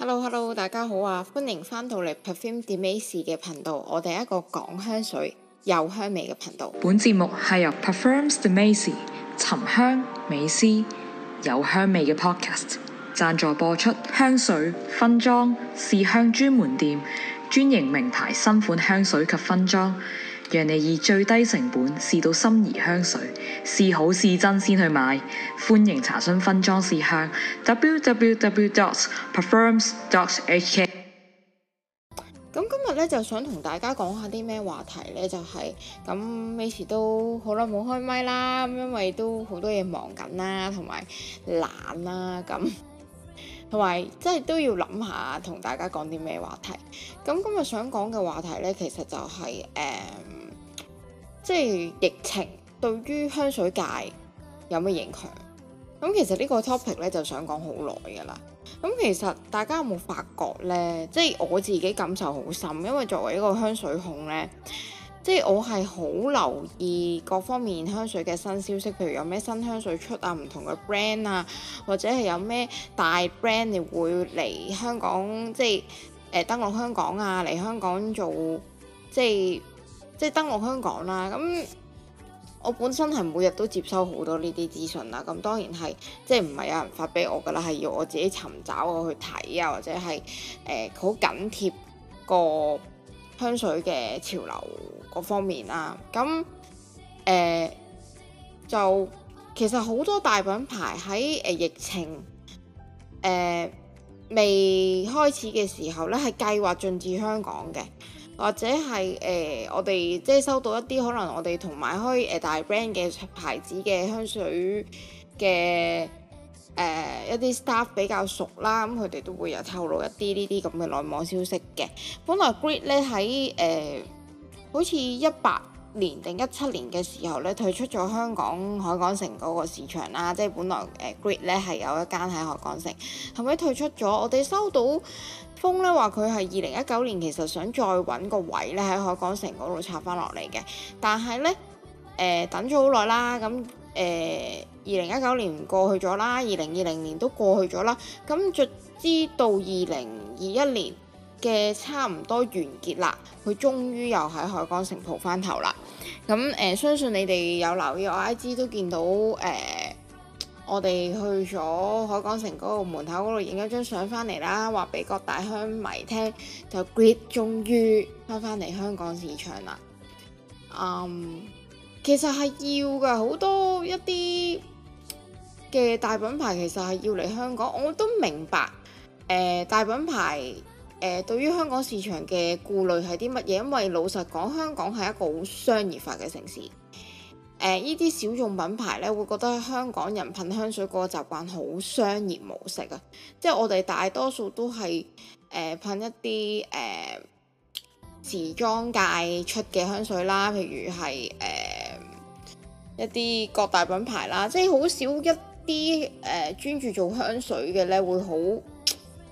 Hello，Hello，hello. 大家好啊！歡迎返到嚟 Perfume Demys 嘅頻道，我哋一個講香水、有香味嘅頻道。本節目係由 Perfume Demys 沉香美思、有香味嘅 Podcast 贊助播出，香水分裝試香專門店，專營名牌新款香水及分裝。讓你以最低成本試到心儀香水，試好試真先去買。歡迎查詢分裝試香，w w w. doss perfumes. hk。咁今日咧就想同大家講下啲咩話題咧，就係咁，每次都好耐冇開麥啦，咁因為都好多嘢忙緊啦，同埋懶啦，咁同埋即係都要諗下同大家講啲咩話題。咁今日想講嘅話題咧，其實就係誒。呃即係疫情對於香水界有咩影響？咁其實個呢個 topic 咧就想講好耐噶啦。咁其實大家有冇發覺呢？即係我自己感受好深，因為作為一個香水控呢，即係我係好留意各方面香水嘅新消息，譬如有咩新香水出啊，唔同嘅 brand 啊，或者係有咩大 brand 你會嚟香港，即係誒、呃、登陸香港啊，嚟香港做即係。即係登陸香港啦，咁我本身係每日都接收好多呢啲資訊啦，咁當然係即係唔係有人發俾我㗎啦，係要我自己尋找我去睇啊，或者係誒好緊貼個香水嘅潮流嗰方面啦，咁誒、呃、就其實好多大品牌喺誒疫情誒、呃、未開始嘅時候咧，係計劃進駐香港嘅。或者係誒、呃，我哋即係收到一啲可能我哋同埋開誒大 brand 嘅牌子嘅香水嘅誒、呃、一啲 staff 比較熟啦，咁佢哋都會有透露一啲呢啲咁嘅內幕消息嘅。本來 Grid 咧喺誒、呃、好似一八年定一七年嘅時候咧退出咗香港海港城嗰個市場啦，即係本來誒、呃、Grid 咧係有一間喺海港城，後尾退出咗，我哋收到。峰咧話佢係二零一九年其實想再揾個位咧，喺海港城嗰度拆翻落嚟嘅，但係呢，誒、呃、等咗好耐啦，咁誒二零一九年過去咗啦，二零二零年都過去咗啦，咁直到二零二一年嘅差唔多完結啦，佢終於又喺海港城蒲翻頭啦，咁誒、呃、相信你哋有留意我 I G 都見到誒。呃我哋去咗海港城嗰度門口嗰度影咗張相翻嚟啦，話俾各大鄉迷聽，就 Grit 終於翻翻嚟香港市場啦。嗯，其實係要㗎，好多一啲嘅大品牌其實係要嚟香港，我都明白。誒，大品牌誒對於香港市場嘅顧慮係啲乜嘢？因為老實講，香港係一個好商業化嘅城市。誒呢啲小眾品牌咧，會覺得香港人噴香水嗰個習慣好商業模式啊！即係我哋大多數都係誒、呃、噴一啲誒、呃、時裝界出嘅香水啦，譬如係誒、呃、一啲各大品牌啦，即係好少一啲誒、呃、專注做香水嘅咧，會好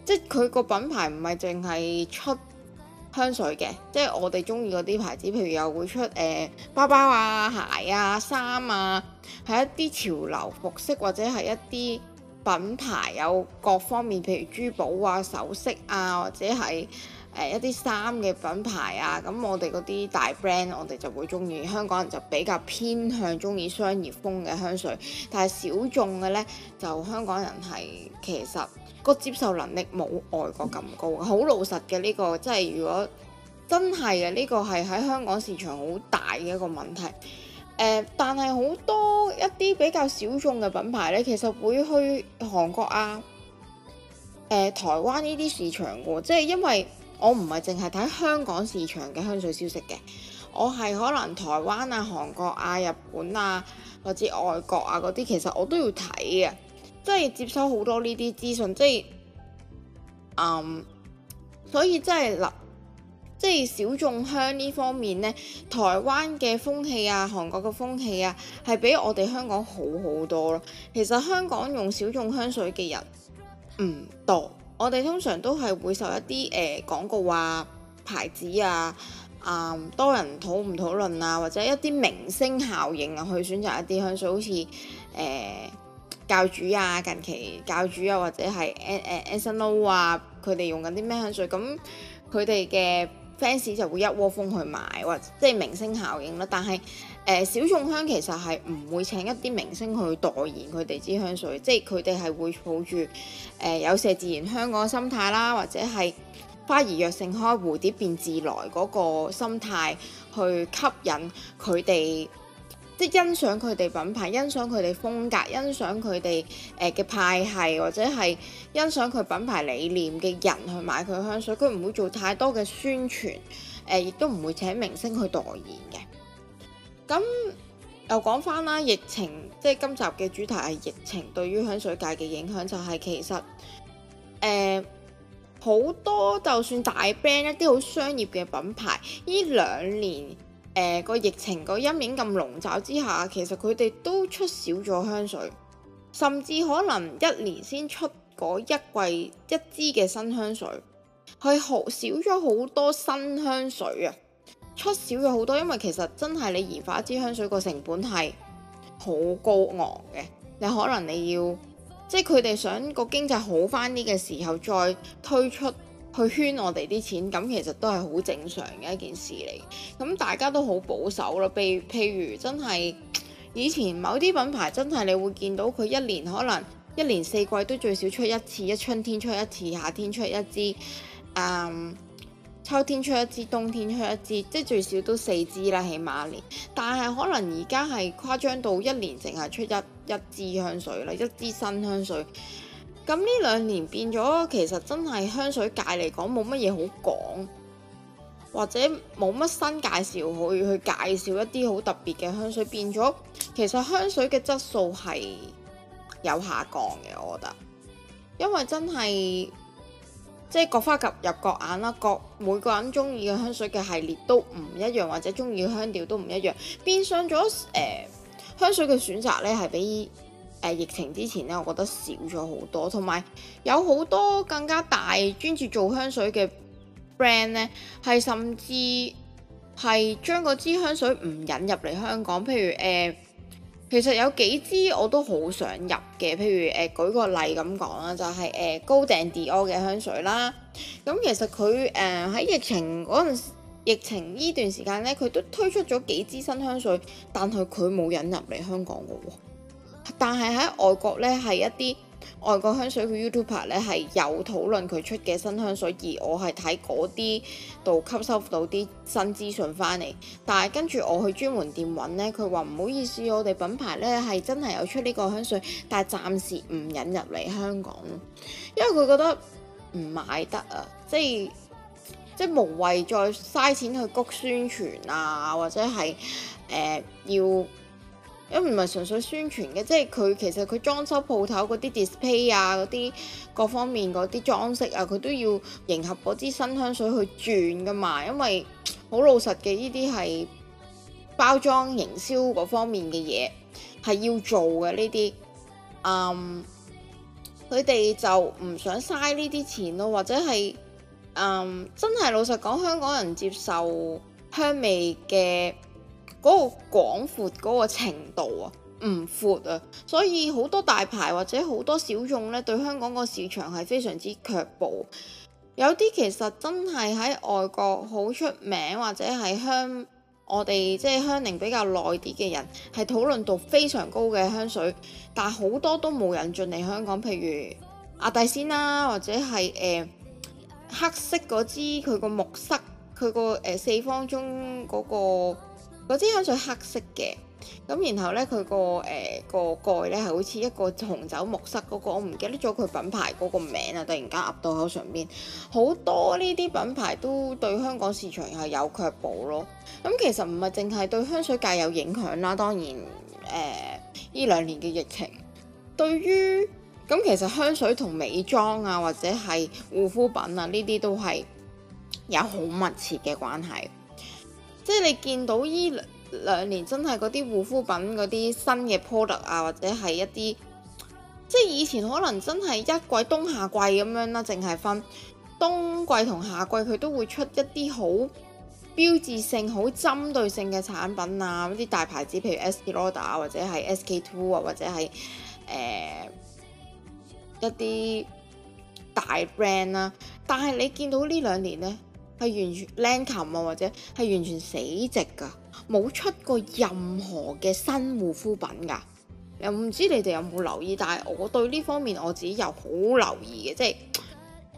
即係佢個品牌唔係淨係出。香水嘅，即係我哋中意嗰啲牌子，譬如又會出誒、呃、包包啊、鞋啊、衫啊，係一啲潮流服飾或者係一啲品牌有各方面，譬如珠寶啊、首飾啊，或者係誒、呃、一啲衫嘅品牌啊。咁我哋嗰啲大 brand，我哋就會中意。香港人就比較偏向中意商業風嘅香水，但係小眾嘅呢，就香港人係其實。個接受能力冇外國咁高，好老實嘅呢個，即係如果真係嘅呢個係喺香港市場好大嘅一個問題。呃、但係好多一啲比較小眾嘅品牌呢，其實會去韓國啊、呃、台灣呢啲市場嘅，即係因為我唔係淨係睇香港市場嘅香水消息嘅，我係可能台灣啊、韓國啊、日本啊，或者外國啊嗰啲，其實我都要睇嘅。即係接收好多呢啲資訊，即係，嗯，所以即係嗱，即係小眾香呢方面呢，台灣嘅風氣啊，韓國嘅風氣啊，係比我哋香港好好多咯。其實香港用小眾香水嘅人唔多，我哋通常都係會受一啲誒、呃、廣告啊、牌子啊、啊、嗯、多人討唔討論啊，或者一啲明星效應啊去選擇一啲香水，好似誒，呃教主啊，近期教主又、啊、或者係誒誒 s n l o 啊，佢哋用緊啲咩香水？咁佢哋嘅 fans 就會一窩蜂去買，或者即係明星效應啦。但係，誒、呃，小眾香其實係唔會請一啲明星去代言佢哋支香水，即係，佢哋係會抱住誒、呃、有麝自然香港嘅心態啦，或者係花兒若盛開蝴蝶便自來嗰個心態去吸引佢哋。即係欣賞佢哋品牌，欣賞佢哋風格，欣賞佢哋誒嘅派系，或者係欣賞佢品牌理念嘅人去買佢香水。佢唔會做太多嘅宣傳，誒、呃、亦都唔會請明星去代言嘅。咁又講返啦，疫情，即係今集嘅主題係疫情對於香水界嘅影響，就係其實誒、呃、好多就算大 band 一啲好商業嘅品牌，呢兩年。誒，個、呃、疫情個陰影咁籠罩之下，其實佢哋都出少咗香水，甚至可能一年先出嗰一季一支嘅新香水，係好少咗好多新香水啊，出少咗好多。因為其實真係你研發一支香水個成本係好高昂嘅，你可能你要即係佢哋想個經濟好翻啲嘅時候再推出。佢圈我哋啲錢，咁其實都係好正常嘅一件事嚟。咁大家都好保守咯，譬如，譬如真係以前某啲品牌真係你會見到佢一年可能一年四季都最少出一次，一春天出一次，夏天出一支，嗯，秋天出一支，冬天出一支，即係最少都四支啦，起碼一年。但係可能而家係誇張到一年淨係出一一支香水啦，一支新香水。咁呢兩年變咗，其實真係香水界嚟講冇乜嘢好講，或者冇乜新介紹可以去介紹一啲好特別嘅香水。變咗，其實香水嘅質素係有下降嘅，我覺得。因為真係即係各花入入各眼啦，各每個人中意嘅香水嘅系列都唔一樣，或者中意嘅香調都唔一樣。變相咗誒香水嘅選擇呢，係比。誒、呃、疫情之前咧，我覺得少咗好多，同埋有好多更加大專注做香水嘅 brand 咧，係甚至係將嗰支香水唔引入嚟香港。譬如誒、呃，其實有幾支我都好想入嘅，譬如誒、呃，舉個例咁講啦，就係、是、誒、呃、高定 Dior 嘅香水啦。咁其實佢誒喺疫情嗰陣、疫情呢段時間咧，佢都推出咗幾支新香水，但係佢冇引入嚟香港嘅喎、哦。但係喺外國咧，係一啲外國香水嘅 YouTuber 咧係有討論佢出嘅新香水，而我係睇嗰啲度吸收到啲新資訊翻嚟。但係跟住我去專門店揾呢，佢話唔好意思，我哋品牌呢係真係有出呢個香水，但係暫時唔引入嚟香港，因為佢覺得唔賣得啊，即係即係無謂再嘥錢去谷宣傳啊，或者係誒、呃、要。因唔係純粹宣傳嘅，即係佢其實佢裝修鋪頭嗰啲 display 啊，嗰啲各方面嗰啲裝飾啊，佢都要迎合嗰支新香水去轉噶嘛。因為好老實嘅，呢啲係包裝營銷嗰方面嘅嘢係要做嘅呢啲。嗯，佢哋就唔想嘥呢啲錢咯，或者係嗯真係老實講，香港人接受香味嘅。嗰個廣闊嗰個程度啊，唔闊啊，所以好多大牌或者好多小眾呢，對香港個市場係非常之卻步。有啲其實真係喺外國好出名，或者係香我哋即係香檸比較耐啲嘅人，係討論度非常高嘅香水，但好多都冇人進嚟香港。譬如阿蒂仙啦、啊，或者係誒、呃、黑色嗰支佢個木塞，佢個誒四方中嗰、那個。嗰支香水黑色嘅，咁然後呢，佢個誒個蓋呢係好似一個紅酒木塞嗰個，我唔記得咗佢品牌嗰個名啦，突然間壓到口上邊。好多呢啲品牌都對香港市場係有卻步咯。咁其實唔係淨係對香水界有影響啦，當然誒呢兩年嘅疫情，對於咁其實香水同美妝啊或者係護膚品啊呢啲都係有好密切嘅關係。即係你見到依兩年真係嗰啲護膚品嗰啲新嘅 product 啊，或者係一啲即係以前可能真係一季冬夏季咁樣啦，淨係分冬季同夏季，佢都會出一啲好標誌性、好針對性嘅產品啊，一啲大牌子，譬如 Estée Lauder 啊，或者係 SK Two 啊，或者係誒、呃、一啲大 brand 啦。但係你見到呢兩年呢，係完全冷清啊，come，或者係完全死寂㗎，冇出過任何嘅新護膚品㗎。又唔知你哋有冇留意，但係我對呢方面我自己又好留意嘅，即係、這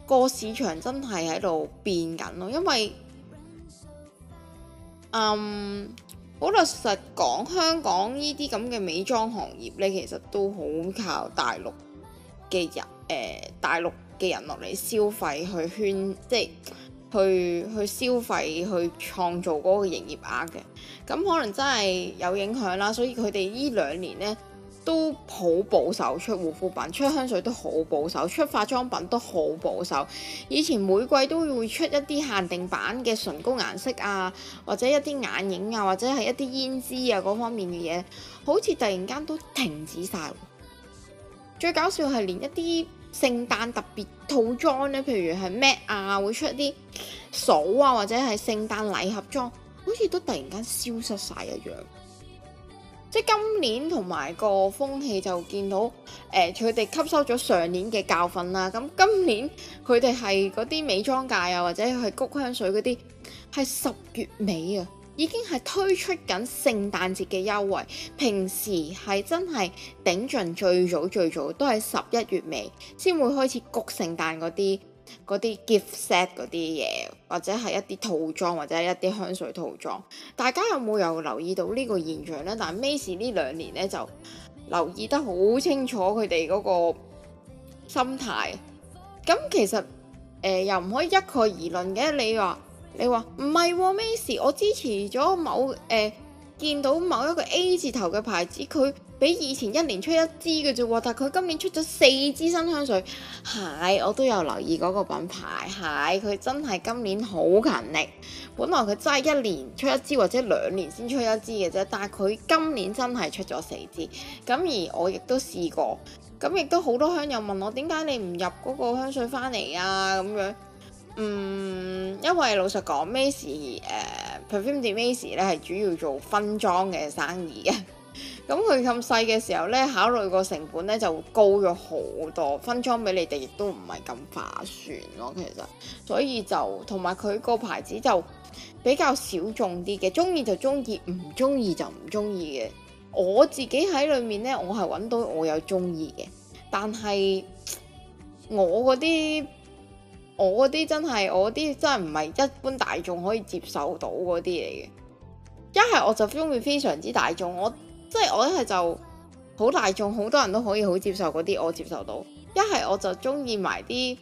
個市場真係喺度變緊咯。因為嗯，好啦，實講，香港呢啲咁嘅美妝行業呢，其實都好靠大陸嘅人誒、呃，大陸嘅人落嚟消費去圈，即係。去去消費去創造嗰個營業額嘅，咁可能真係有影響啦。所以佢哋呢兩年呢都好保守出護膚品，出香水都好保守，出化妝品都好保守。以前每季都會出一啲限定版嘅唇膏顏色啊，或者一啲眼影啊，或者係一啲胭脂啊嗰方面嘅嘢，好似突然間都停止晒。最搞笑係連一啲聖誕特別套裝咧，譬如係咩啊，會出啲掃啊，或者係聖誕禮盒裝，好似都突然間消失晒一樣。即係今年同埋個風氣就見到，誒佢哋吸收咗上年嘅教訓啦、啊。咁今年佢哋係嗰啲美妝界啊，或者係谷香水嗰啲，係十月尾啊。已經係推出緊聖誕節嘅優惠，平時係真係頂盡，最早最早都係十一月尾先會開始焗聖誕嗰啲嗰啲 gift set 嗰啲嘢，或者係一啲套裝，或者係一啲香水套裝。大家有冇有，有留意到呢個現象呢？但係 Macy 呢兩年呢，就留意得好清楚佢哋嗰個心態。咁其實誒、呃、又唔可以一概而論嘅，你話？你話唔係咩事？我支持咗某誒、呃、見到某一個 A 字頭嘅牌子，佢比以前一年出一支嘅啫喎，但佢今年出咗四支新香水。係、哎、我都有留意嗰個品牌，係、哎、佢真係今年好勤力。本來佢真係一年出一支或者兩年先出一支嘅啫，但係佢今年真係出咗四支。咁而我亦都試過，咁亦都好多香友問我點解你唔入嗰個香水翻嚟啊咁樣。嗯，因為老實講，Macy、uh, Perfume de Macy 咧係主要做分裝嘅生意嘅。咁佢咁細嘅時候咧，考慮個成本咧就高咗好多，分裝俾你哋亦都唔係咁劃算咯。其實，所以就同埋佢個牌子就比較小眾啲嘅，中意就中意，唔中意就唔中意嘅。我自己喺裏面咧，我係搵到我有中意嘅，但係我嗰啲。我嗰啲真係，我嗰啲真係唔係一般大眾可以接受到嗰啲嚟嘅。一係我就中意非常之大眾，我即係我一係就好大眾，好多人都可以好接受嗰啲，我接受到。一係我就中意埋啲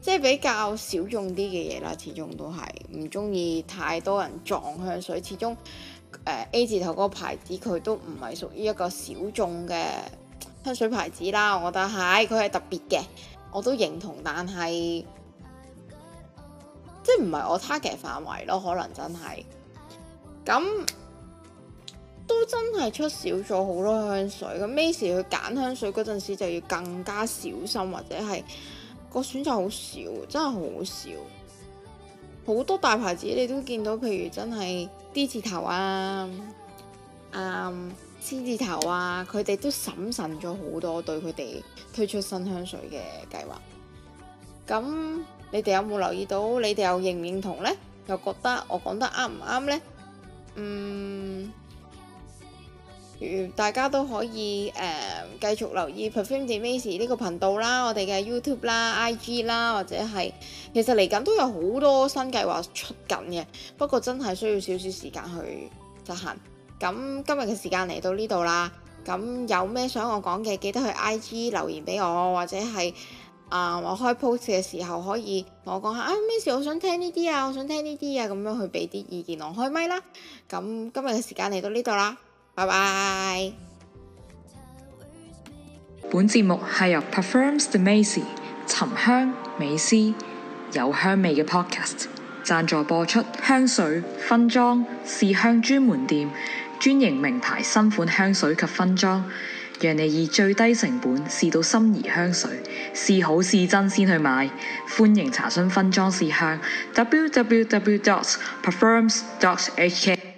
即係比較小眾啲嘅嘢啦，始終都係唔中意太多人撞香水。始終誒、呃、A 字頭嗰個牌子佢都唔係屬於一個小眾嘅香水牌子啦，我覺得係佢係特別嘅，我都認同，但係。即係唔係我 target 範圍咯？可能真係咁都真係出少咗好多香水。咁咩時去揀香水嗰陣時就要更加小心，或者係個選擇好少，真係好少。好多大牌子你都見到，譬如真係 D 字頭啊、嗯、um, C 字頭啊，佢哋都審慎咗好多對佢哋推出新香水嘅計劃。咁你哋有冇留意到？你哋又認唔認同呢？又覺得我講得啱唔啱呢？嗯，大家都可以誒、呃、繼續留意 Perfume De Macy 呢個頻道啦，我哋嘅 YouTube 啦、IG 啦，或者係其實嚟緊都有好多新計劃出緊嘅，不過真係需要少少時間去執行。咁今日嘅時間嚟到呢度啦，咁有咩想我講嘅，記得去 IG 留言俾我，或者係。啊！Um, 我開 post 嘅時候可以同我講下啊，m 咩事我想聽呢啲啊，我想聽呢啲啊，咁樣去俾啲意見我開咪啦。咁今日嘅時間嚟到呢度啦，拜拜。本節目係由 Performs The Macy 沉香美思有香味嘅 podcast 贊助播出，香水分裝試香專門店，專營名牌新款香水及分裝。讓你以最低成本試到心儀香水，試好試真先去買。歡迎查詢分裝試香，www.perfumes.hk dot。